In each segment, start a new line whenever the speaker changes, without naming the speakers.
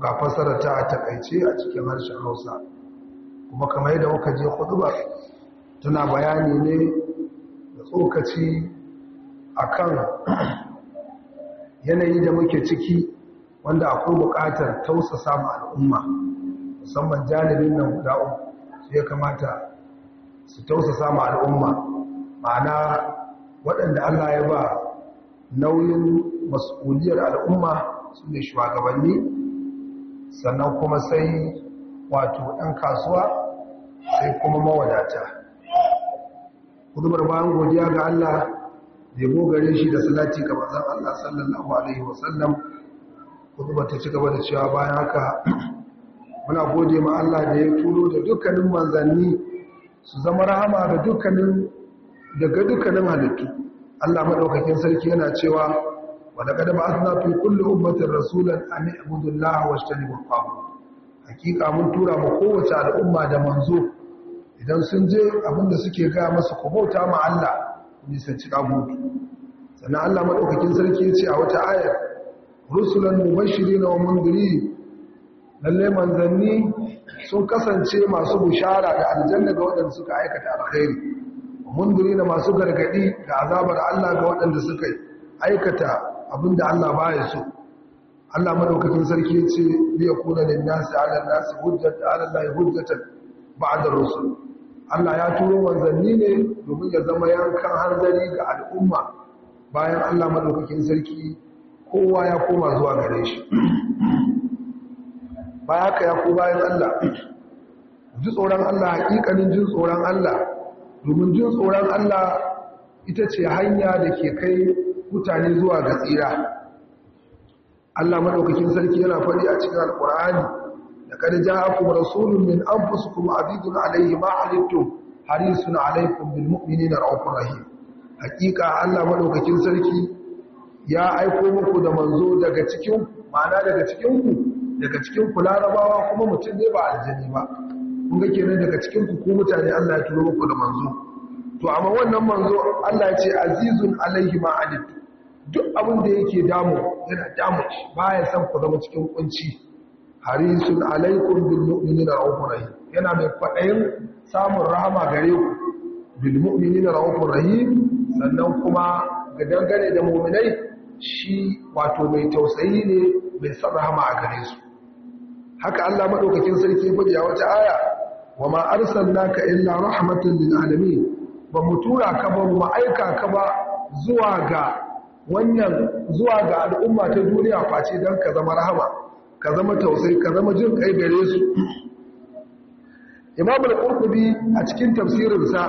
ga fasara ta a takaice a cikin harshen hausa kuma kamar yadda muka je ba tana bayani ne da tsokaci a kan yanayi da muke ciki wanda akwai bukatar tausasa ma al'umma musamman janibin nan guda uku sai ya kamata su tausasa ma al'umma ma'ana waɗanda Allah ya ba nauyin mas'uliyar al'umma su ne shugabanni sannan kuma sai wato ɗan kasuwa sai kuma mawadata hudubar bayan godiya ga Allah da gare shi da salati ga mazan Allah sallallahu alaihi wasallam ta ci gaba da cewa bayan haka muna gode ma Allah da ya turo da dukkanin manzanni su zama rahama da dukkanin daga dukkanin halittu Allah maɗaukakin sarki yana cewa ولقد بعثنا في كل أمة رسولا أن اعبدوا الله واجتنبوا الطاغوت hakika mun tura mu kowace al'umma da manzo idan sun je abinda suke ga masa ku bauta ma Allah nisanci kagudu sannan Allah madaukakin sarki ya ce a wata ayar rusulan mubashirin wa mundiri lalle manzanni sun kasance masu bushara da aljanna ga waɗanda suka aikata alkhairi mundiri da masu gargadi da azabar Allah ga waɗanda suka aikata abinda Allah baya so Allah madaukakin sarki ya ce liya kula lin nasi ala nasi hujjatan ala Allah hujjatan ba'da rusul Allah ya turo manzanni ne domin ya zama yankan hanzari ga al'umma bayan Allah madaukakin sarki kowa ya koma zuwa gare shi baya ka ya ko bayan Allah ji tsoron Allah hakikanin jin tsoron Allah domin jin tsoron Allah ita ce hanya da ke kai mutane zuwa ga tsira Allah maɗaukakin sarki yana faɗi a cikin alkur'ani da kada ja'akum rasulun min anfusikum abidun alayhi ma alittum harisun alaykum bil mu'minina raufur rahim hakika Allah madaukakin sarki ya aiko muku da manzo daga cikin mana daga cikin daga cikin larabawa kuma mutum ne ba aljani ba kun ga kenan daga cikin ku mutane Allah ya turo muku da manzo to amma wannan manzo Allah ce azizun alayhi ma alittum duk abin da yake damu yana damu shi ya san ku zama cikin kunci harisun alaikum bil mu'minina raufur rahim yana mai fadayin samun rahama gare ku bil mu'minina raufur rahim sannan kuma ga dangane da mu'minai shi wato mai tausayi ne mai san rahama a gare su haka Allah madaukakin sarki ya a wata aya wa ma arsalnaka illa rahmatan lil alamin ba mu tura ka ba mu aika ka ba zuwa ga wannan zuwa ga al'umma ta duniya face don ka zama rahama ka zama tausai ka zama jin kai gare su imam al-qurtubi a cikin tafsirinsa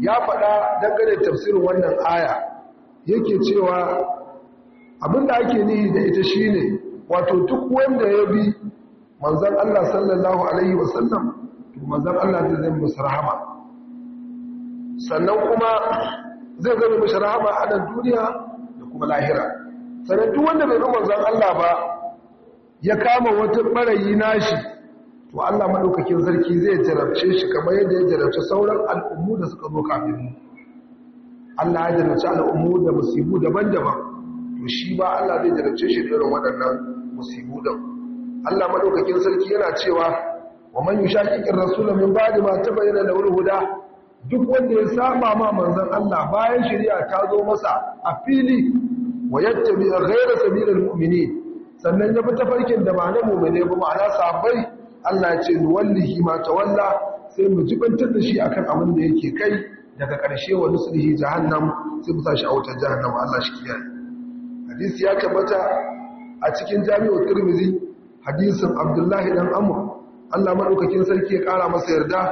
ya faɗa dangane tafsirin wannan aya yake cewa abin da ake nihi da ita shine wato duk wanda ya bi manzon Allah sallallahu alaihi wasallam to manzon Allah zai zama masa rahama sannan kuma zai zama masa rahama a duniya lahira sannan duk wanda bai bi manzon Allah ba ya kama wata barayi nashi to Allah madaukakin sarki zai jarabce shi kamar yadda ya jarabce sauran al'ummu da suka zo kafin mu Allah ya jarabce al'ummu da musibu daban-daban to shi ba Allah zai jarabce shi da waɗannan musibu da Allah madaukakin sarki yana cewa wa man yushaqiqir rasula min ba'di ma tabayyana lahu huda duk wanda ya saba ma manzon Allah bayan shari'a ta zo masa a fili wa yattabi ghayra sabilil mu'minin sannan ya bi tafarkin da ba na mu'mine ba ma'ana sabai Allah ya ce wallahi ma tawalla sai mu jibantar da shi akan abin da yake kai daga ƙarshe wa nuslihi jahannam sai mu tashi a wutar jahannam Allah shi kiyaye hadisi ya kamata a cikin jami'u Tirmidhi hadisin Abdullahi dan Amr Allah madaukakin sarki ya ƙara masa yarda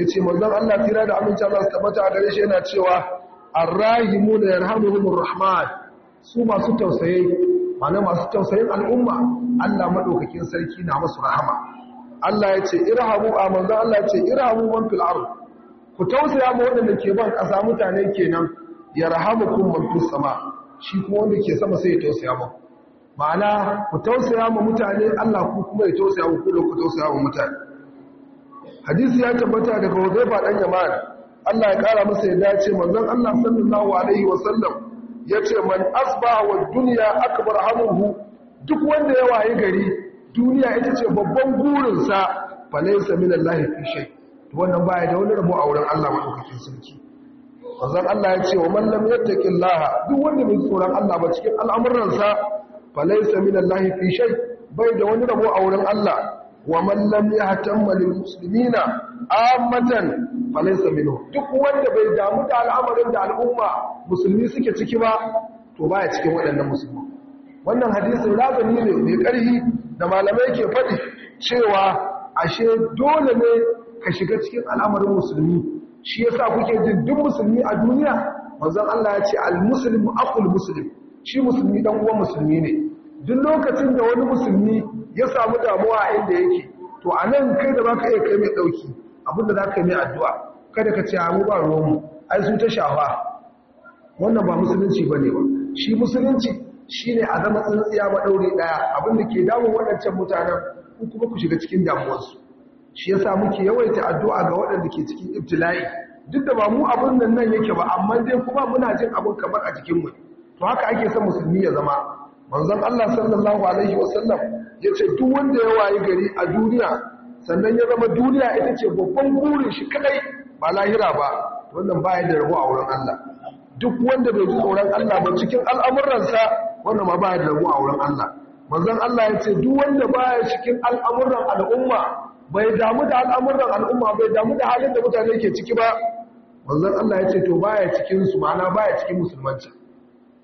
yace manzon Allah tira da aminci Allah su tabbata a gare shi yana cewa arrahimu da yarhamuhumur rahman su masu tausayi ma'ana masu tausayin al'umma Allah madaukakin sarki na musu rahama Allah ya ce irhamu amanzu Allah ya ce irhamu man fil ardh ku tausaya ma wanda ke ban ƙasa mutane kenan yarhamukum man fis sama shi kuma wanda ke sama sai ya tausaya ma ma'ana ku tausaya ma mutane Allah ku kuma ya tausaya ku da ku tausaya ma mutane hadisi ya tabbata daga Hudayfa dan Yaman Allah ya kara masa ya dace manzon Allah sallallahu alaihi wasallam ya ce man asba wa duniya bar hamuhu duk wanda ya waye gari duniya ita ce babban burinsa falaisa min Allah fi wannan baya da wani rabo a wurin Allah madaukakin sarki Wanzan Allah ya ce wa yadda lam laha duk wanda bai tsoron Allah ba cikin al'amuransa falaisa min Allah fi bai da wani rabo a wurin Allah ومن لم يهتم للمسلمين عامة فليس منه duk wanda bai damu da al'amarin da al'umma musulmi suke ciki ba to baya cikin waɗannan musulmi wannan hadisin lazumi ne mai ƙarfi da malamai ke faɗi cewa ashe dole ne ka shiga cikin al'amarin musulmi shi yasa kuke jin duk musulmi a duniya manzon Allah ya ce al-muslimu aqul muslim shi musulmi dan uwan musulmi ne duk lokacin da wani musulmi ya samu damuwa inda yake to a nan kai da baka iya kai mai ɗauki abinda za ka yi mai addu'a kada ka ce abu ba mu. ai su ta shafa wannan ba musulunci ba ne ba shi musulunci shi ne a zama tsintsiya maɗauri ɗaya abinda ke damun waɗancan mutanen ku kuma ku shiga cikin damuwarsu shi yasa muke yawaita addu'a ga waɗanda ke cikin ibtila'i duk da ba mu abin nan nan yake ba amma dai kuma muna jin abin kamar a mu to haka ake son musulmi ya zama manzon Allah sallallahu alaihi wasallam ya ce duk wanda ya wayi gari a duniya sannan ya zama duniya ita ce babban burin shi kadai ba lahira ba wannan baya da rabo a wurin Allah duk wanda bai ji tsoron Allah ba cikin al'amuransa wannan ma baya da rabo a wurin Allah manzon Allah ya ce duk wanda baya cikin al'amuran al'umma bai damu da al'amuran al'umma bai damu da halin da mutane ke ciki ba manzon Allah ya ce to baya cikin su ma'ana baya cikin musulmanci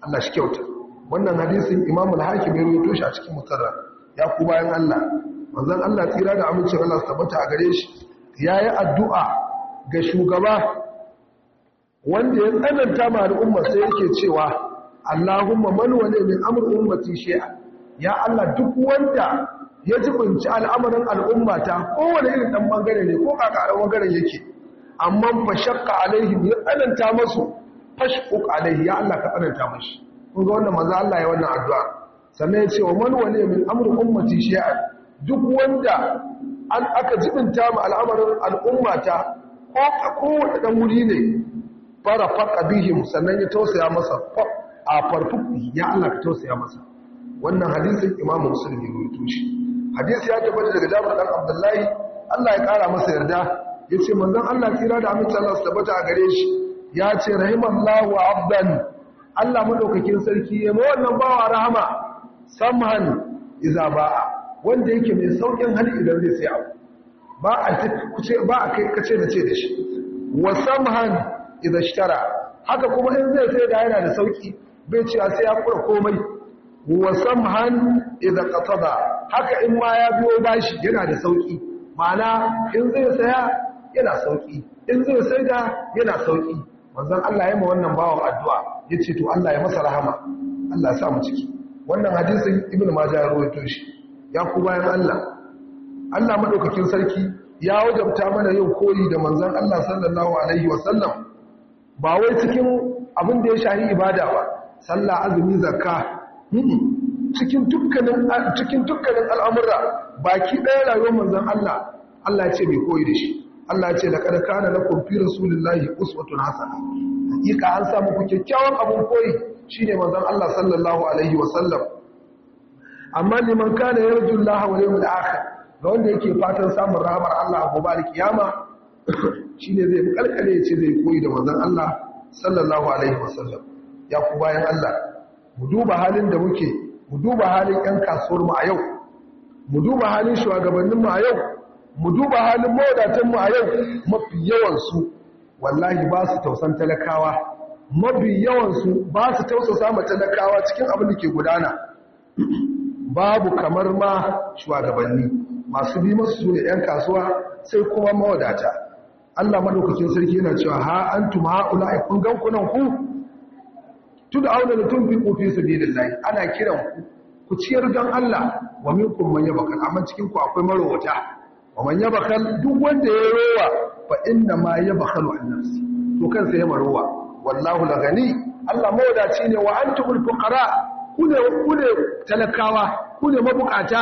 Allah shi kyauta wannan hadisin imamul al-hakim ya rawaito shi a cikin mutarra ya ku bayan Allah manzon Allah tsira da amincin Allah su tabbata a gare shi yayi addu'a ga shugaba wanda ya tsananta ma al'umma sai yake cewa Allahumma man wali min amr ummati shay'a ya Allah duk wanda ya jibinci al'amarin al'umma ta kowane irin dan bangare ne ko kaka bangaren yake amma fa shakka alaihim ya tsananta masu fashquq alaihi ya Allah ka tsananta mashi kun ga wannan maza Allah ya wannan addu'a sannan ya ce wa man wali min amri ummati duk wanda an aka jibinta mu al'amarin al'ummata ko kowane dan wuri ne fara faqa bihim sannan ya tausaya masa a farfuki ya Allah ka tausaya masa wannan hadisin imamu muslim ya rubuto shi hadisi ya tabbata daga Jabir Abdullahi Allah ya kara masa yarda yace manzon Allah kira da amince Allah su tabbata a gare shi ya ce rahimallahu abdan Allah madaukakin sarki ya wannan bawa rahama samhan iza ba'a wanda yake mai saukin hali idan zai sai abu ba a kace ba a kai kace na ce da shi wa samhan iza ishtara haka kuma in zai sai da yana da sauki bai ce sai ya kura komai wa samhan iza qatada haka in ma ya biyo bashi yana da sauki ma'ana in zai saya yana sauki in zai sai da yana sauki manzon Allah ya ma wannan bawan addu'a ya ce to Allah ya masa rahama Allah ya sa mu ciki wannan hadisin ibn majah ya rawaito shi ya ku bayan Allah Allah madaukakin sarki ya wajabta mana yau koyi da manzon Allah sallallahu alaihi wasallam ba wai cikin abin da ya shahi ibada ba sallah azumi zakka cikin dukkanin cikin dukkanin al'amura baki ɗaya rayuwar manzon Allah Allah ya ce mai koyi da shi Allah ya ce laqad kana lakum fi rasulillahi uswatun hasana hakika an samu ku kyakkyawan abin koyi shine manzon Allah sallallahu alaihi wasallam amma liman kana yarju Allah wal yawmil akhir ga wanda yake fatan samun rahamar Allah a gobar kiyama shine zai kalkale ya ce zai koyi da manzon Allah sallallahu alaihi wasallam ya ku bayan Allah mu duba halin da muke mu duba halin ƴan kasuwar mu a yau mu duba halin shugabannin mu a yau mu duba halin mawadatan mu a yau mafi yawan su wallahi ba su tausan talakawa mafi yawansu ba su tausasa ma talakawa cikin abin da ke gudana babu kamar ma shugabanni masu bi masu su ne 'yan kasuwa sai kuma mawadata Allah madaukakin sarki yana cewa ha antum haula ikun gankunan ku tud'auna litunfiqu fi sabilillah ana kiran ku ku ciyar don Allah wa minkum man yabakal amma cikin ku akwai marowata wa man yabakal duk wanda ya rowa fa inna ma yabkhalu an nafsi to kansa ya maruwa wallahu la gani Allah mawadaci ne wa antumul fuqara kune kune talakawa kune mabukata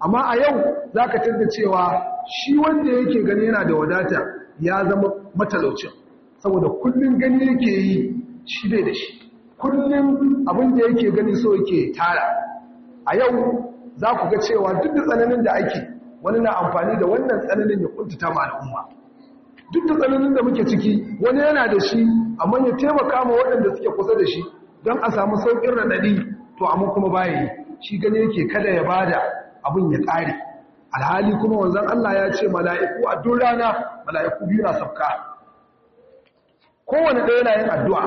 amma a yau zaka tada cewa shi wanda yake gani yana da wadata ya zama matalaucin saboda kullun gani yake yi shi bai da shi kullun abin da yake gani so yake tara a yau za ku ga cewa duk da tsananin da ake wani na amfani da wannan tsananin ya kuntata ma al'umma duk da tsananin da muke ciki wani yana da shi amma ya taimaka ma waɗanda suke kusa da shi don a samu sauƙin raɗaɗi to amma kuma baya yi shi gani yake kada ya bada abin ya ƙare alhali kuma wanzan Allah ya ce mala'iku a duk rana mala'iku biyu na sauka kowane ɗaya na yin addu'a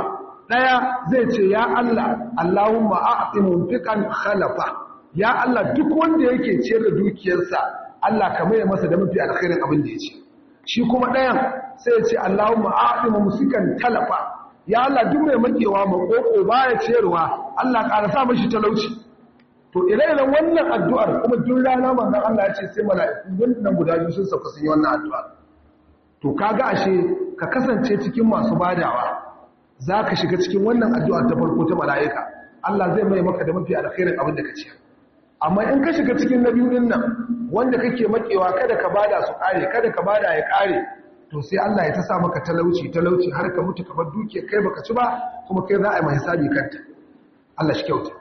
ɗaya zai ce ya Allah a a'ti munfiqan halafa. ya Allah duk wanda yake ciyar da dukiyarsa Allah kamar ya masa da mafi alkhairin abin da ya ce shi kuma ɗayan sai ce Allahumma a'dima musikan talafa ya Allah duk mai makewa makoko baya ciyarwa Allah ƙara sa mashi talauci to ire-iren wannan addu'ar kuma duk rana manzon Allah ya ce sai mala'iku wannan guda biyu sun sauka sun yi wannan addu'ar to ka ga ashe ka kasance cikin masu badawa za ka shiga cikin wannan addu'ar ta farko ta mala'ika Allah zai mai maka da mafi alkhairin abin da ka ciyar amma in ka shiga cikin na biyu din nan wanda kake makewa kada ka bada su kare kada ka bada ya kare to sai Allah ya ta sa maka talauci talauci har ka mutu kamar duke kai baka ci ba kuma kai za a yi mai hisabi kanta Allah shi kyauta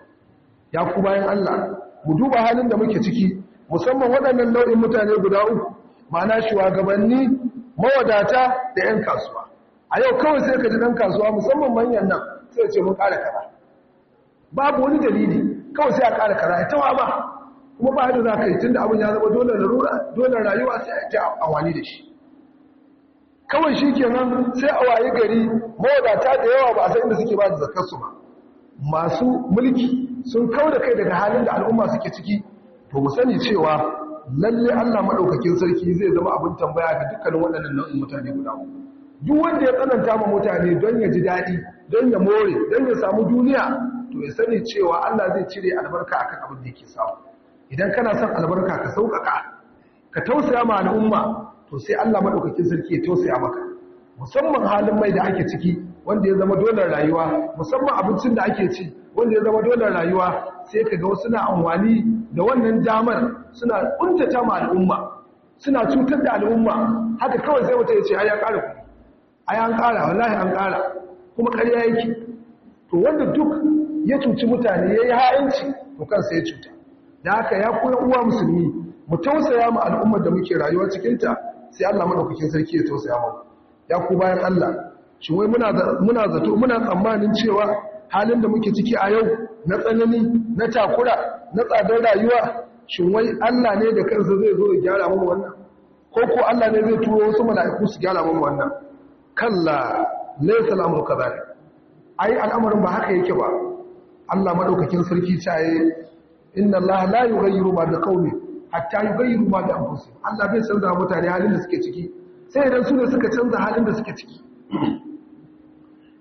ya ku bayan Allah mu duba halin da muke ciki musamman waɗannan nau'in mutane guda uku ma'ana shugabanni mawadata da 'yan kasuwa a yau kawai sai ka ji ɗan kasuwa musamman manyan nan sai ce mun ƙara kaɗa. babu wani dalili kawai sai a ƙara kara ya tawa ba kuma ba da za ka yi da abin ya zama dole rayuwa sai a ji awani da shi kawai shi ke nan sai a waye gari mawadata da yawa ba a sai inda suke ba da zakarsu ba masu mulki sun kau da kai daga halin da al'umma suke ciki to mu sani cewa lalle Allah madaukakin sarki zai zama abin tambaya ga dukkanin waɗannan nau'in mutane guda duk wanda ya tsananta ma mutane don ya ji daɗi don ya more don ya samu duniya to ya sani cewa Allah zai cire albarka akan abin da yake samu idan kana son albarka ka sauƙaƙa ka tausaya ma al'umma to sai Allah madaukakin sarki ya tausaya maka musamman halin mai da ake ciki wanda ya zama dole rayuwa musamman abincin da ake ci wanda ya zama dole rayuwa sai ka ga wasu na amfani da wannan damar suna kuntata ma al'umma suna cutar da al'umma haka kawai sai mutum ya ce ai ya ƙara ai an kara wallahi an kara kuma ƙarya yake to wanda duk ya cuci mutane ya yi ha'inci to kansa ya cuta da haka ya koya uwa musulmi mu tausaya ma al'ummar da muke rayuwa cikinta sai Allah madaukakin sarki ya tausaya mu ya ku bayan Allah shi wai muna muna zato muna tsammanin cewa halin da muke ciki a yau na tsanani na takura na tsadar rayuwa shi wai Allah ne da kansa zai zo ya gyara mu wannan ko ko Allah ne zai turo wasu mala'iku su gyara mu wannan kalla laysa al-amru kadhalik ai al'amarin ba haka yake ba Allah madaukakin sarki caye inna Allah la yughayyiru ma bi qaumi hatta yughayyiru ma bi anfusihim Allah bai canza mutane halin da suke ciki sai idan su ne suka canza halin da suke ciki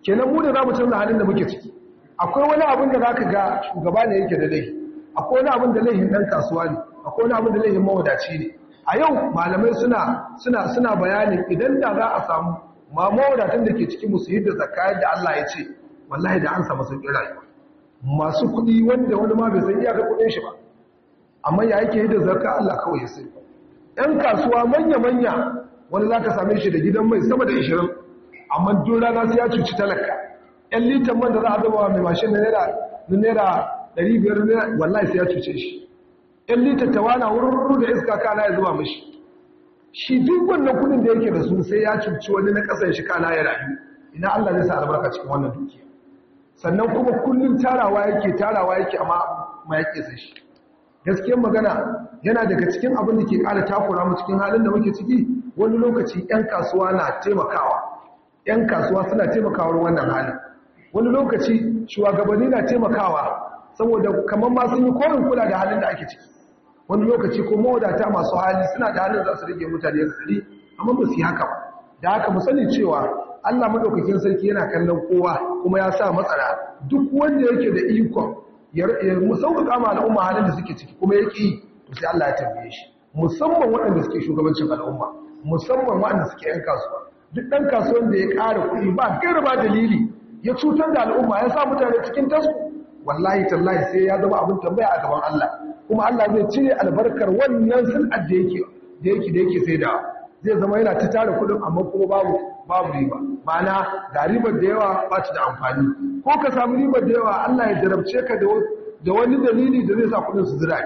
kenan mu ne za mu canza halin da muke ciki akwai wani abin da zaka ga shugaba ne yake da laifi akwai wani abin da laifin dan kasuwa ne akwai wani abin da laifin mawadaci ne a yau malamai suna suna suna bayani idan da za a samu ma mawadatan da ke cikin musu yadda zakka yadda Allah ya ce wallahi da an samu sauƙin rayuwa masu kuɗi wanda wani ma bai san iyakar kuɗin shi ba amma ya yake yi da zarka Allah kawai ya sai ‘yan kasuwa manya-manya wani za ka same shi da gidan mai sama da 20 amma dora rana sai ya cuci talaka ‘yan litan man da za a zama mai mashin na naira 500 wallahi sai ya cuce shi ‘yan litan tawana wurin da iska kana ya zuba mashi shi duk wannan kudin da yake da su sai ya cuci wani na ya shi kana ya rayu ina Allah zai sa albarka cikin wannan dukiya sannan kuma kullum tarawa yake tarawa yake amma ma yake sai shi gaskiyar magana yana daga cikin abin da ke kara takura mu cikin halin da muke ciki wani lokaci 'yan kasuwa na taimakawa 'yan kasuwa suna taimakawa wannan halin wani lokaci shugabanni na taimakawa saboda kamar ma sun yi korin kula da halin da ake ciki wani lokaci ko mawadata masu hali suna da halin za su rage mutane tsari amma ba su yi haka ba da haka mu sani cewa Allah madaukakin sarki yana kallon kowa kuma ya sa matsara duk wanda yake da ikon ya sauƙaƙa ma al'umma halin da suke ciki kuma yake to sai Allah ya tambaye shi musamman waɗanda suke shugabancin al'umma musamman waɗanda suke yan kasuwa duk ɗan kasuwan da ya ƙara kuɗi ba gaira ba dalili ya cutar da al'umma ya sa mutane cikin tasku wallahi tallahi sai ya zama abin tambaya a gaban Allah kuma Allah zai cire albarkar wannan san'ar yake da yake da yake sai da zai zama yana ta tara kuɗin amma kuma babu babu riba mana ga ribar da yawa ba ta da amfani ko ka samu ribar da yawa Allah ya jarabce ka da wani dalili da zai sa kudin su zira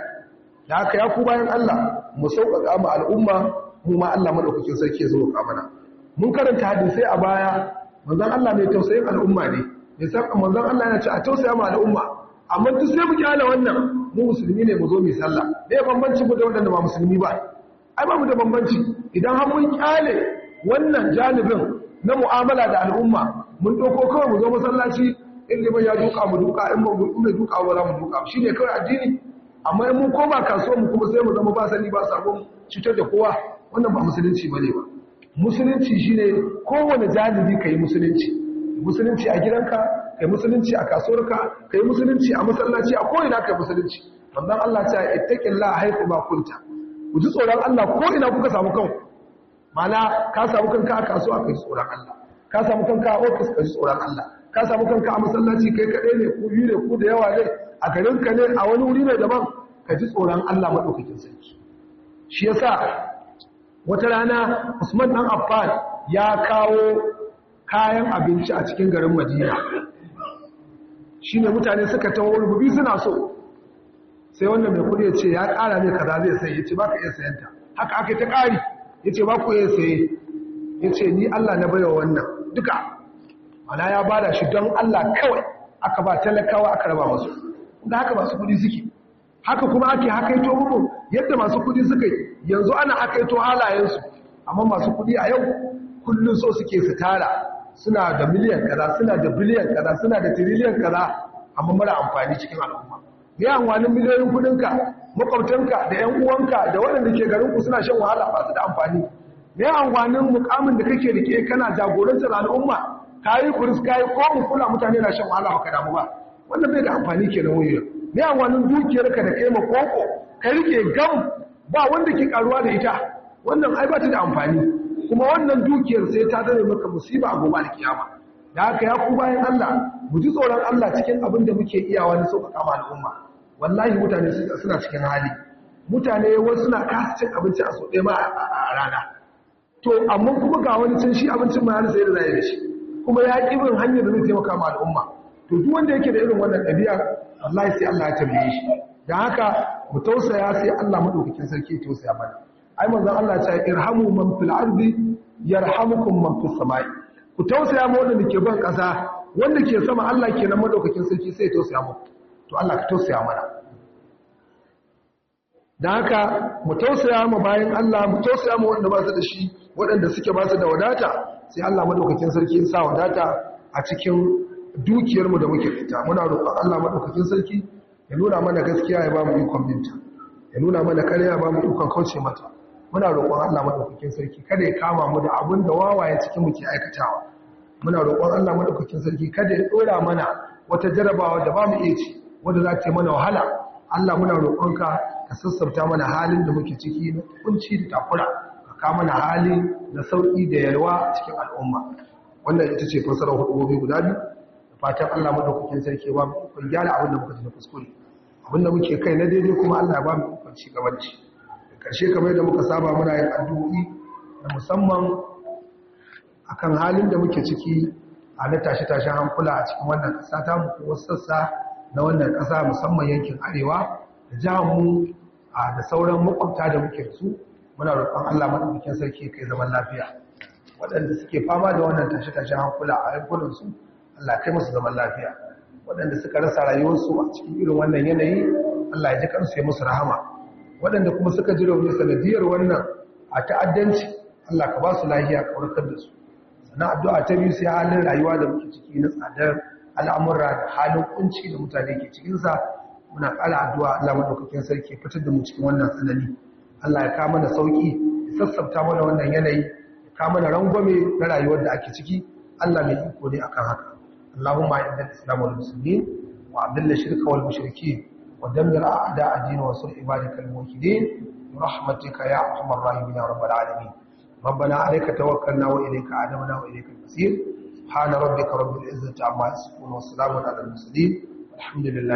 da haka ya ku bayan Allah mu sauƙaƙa mu al'umma mu ma Allah madaukakin sarki ya ka mana mun karanta hadisai a baya manzon Allah mai tausayin al'umma ne mai san manzon Allah yana ce a tausaya ma al'umma amma duk sai mu kyala wannan mu musulmi ne mu zo mu sallah me bambanci mu da wanda ba musulmi ba ai ba mu da bambanci idan har mun kyale wannan janibin na mu'amala da al'umma mun ɗauko kawai mu zo masallaci inda mai ya duka mu duka in ba mu duka ba za mu duka shi ne kawai addini amma in mun koma kasuwar mu kuma sai mu zama ba sani ba sabon cutar da kowa wannan ba musulunci bane ba musulunci shine kowane ka kai musulunci musulunci a gidanka kai musulunci a kasuwarka kai musulunci a masallaci a ko ina kai musulunci wannan Allah ta ittaqillaha haifu ma kunta ku ji tsoron Allah ko ina kuka samu kanku mana ka samu kanka a kasuwa kai tsoron Allah ka samu kanka a ofis kai tsoron Allah ka samu kanka a masallaci kai kaɗai ne ku yi ne ku da yawa ne a garin ka ne a wani wuri ne daban ka ji tsoron Allah maɗaukakin sarki shi yasa wata rana Usman dan Affan ya kawo kayan abinci a cikin garin Madina shine mutane suka ta rububi suna so sai wannan mai kudi ya ce ya ƙara ne kaza zai sai ya ce baka iya sayanta haka aka ta ƙari ya ce ba ya saye ya ce ni Allah na baiwa wannan duka mana ya bada shi don Allah kawai aka ba talakawa aka raba masu da haka masu kudi suke haka kuma ake haka to muku yadda masu kudi suke yanzu ana haka hakaito halayensu amma masu kudi a yau kullum so suke su tara suna da miliyan kaza suna da biliyan kaza suna da tiriliyan kaza amma mara amfani cikin al'umma ya amfanin miliyoyin kudinka makwabtanka da yan uwanka da waɗanda ke garinku suna shan wahala ba su da amfani me amfanin mukamin da kake rike kana jagorantar al'umma yi kuris ka yi mu kula mutane na shan wahala baka damu ba wannan bai da amfani kenan wayar me amfanin dukiyarka da kai makoko ka rike gam ba wanda ke karuwa da ita wannan ai ba ta da amfani kuma wannan dukiyar sai ta zame maka musiba a gobe kiyama da haka ya ku bayan Allah mu ji tsoron Allah cikin abin da muke iya wani sauƙaƙa ma al'umma wallahi mutane suna cikin hali mutane wani suna kasa cin abinci a sau ma a rana to amma kuma ga wani can shi abincin ma har sai da zai da shi kuma ya ƙi bin hanyar da zai taimaka ma al'umma to duk wanda yake da irin wannan ɗabi'a wallahi sai Allah ya tambaye shi da haka mu tausaya sai Allah madaukakin sarki ya tausaya mana ai manzon Allah ya ce irhamu man fil ardi yarhamukum man fis samai ku tausaya ma wanda ke ban ƙasa wanda ke sama Allah ke nan madaukakin sarki sai tausaya mu to Allah ka tausaya mana da haka mu tausaya mu bayan Allah mu tausaya mu wanda ba su da shi waɗanda suke ba su da wadata sai Allah madaukakin sarki ya sa wadata a cikin dukiyar mu da muke fita muna roƙon Allah madaukakin sarki ya nuna mana gaskiya ya ba mu ikon binta ya nuna mana kare ya ba mu ikon kauce mata muna roƙon Allah madaukakin sarki kada ya kama mu da abin da wawaye cikin mu ke aikatawa muna roƙon Allah madaukakin sarki kada ya dora mana wata jarabawa da ba mu iya ci wanda za ta yi mana wahala Allah muna roƙonka ka sassauta mana halin da muke ciki na kunci da takura ka ka mana hali na sauƙi da yalwa cikin al'umma wannan ita ce fassarar gobe guda biyu da fatan Allah madaukakin sarki ba mu kun gyara abin da muka ji na kuskure abin da muke kai na daidai kuma Allah ya ba mu kun ci karshe kamar yadda muka saba muna yin addu'o'i na musamman akan halin da muke ciki a na tashi tashen hankula a cikin wannan ƙasa ta muku wasu sassa na wannan ƙasa musamman yankin arewa da mu da sauran makwabta da muke su muna roƙon allah maɗaukakin sarki kai zaman lafiya waɗanda suke fama da wannan tashi tashen hankula a yankunansu allah kai musu zaman lafiya waɗanda suka rasa rayuwarsu a cikin irin wannan yanayi allah ya ji kansu ya musu rahama waɗanda kuma suka ji rauni sanadiyar wannan a ta'addanci allah ka ba su lahiya ka warkar da su na addu'a ta biyu sai halin rayuwa da muke ciki na tsadar al'amura da halin kunci da mutane ke cikinsa muna ƙara addu'a Allah madaukakin sarki fitar da mu cikin wannan tsanani Allah ya kama da sauki ya sassafta mana wannan yanayi ya kama da rangwame na rayuwar da ake ciki Allah mai iko ne akan haka Allahumma inna al-islam wal muslimin wa adilla shirka wal mushriki wa dammir a'da addinin wasu, wa sur ibadakal muwahhidin rahmatika ya arhamar rahimin ya rabbal alamin ربنا عليك توكلنا وإليك عدمنا وإليك المسير سبحان ربك رب العزة عما يصفون والسلام على المرسلين الحمد لله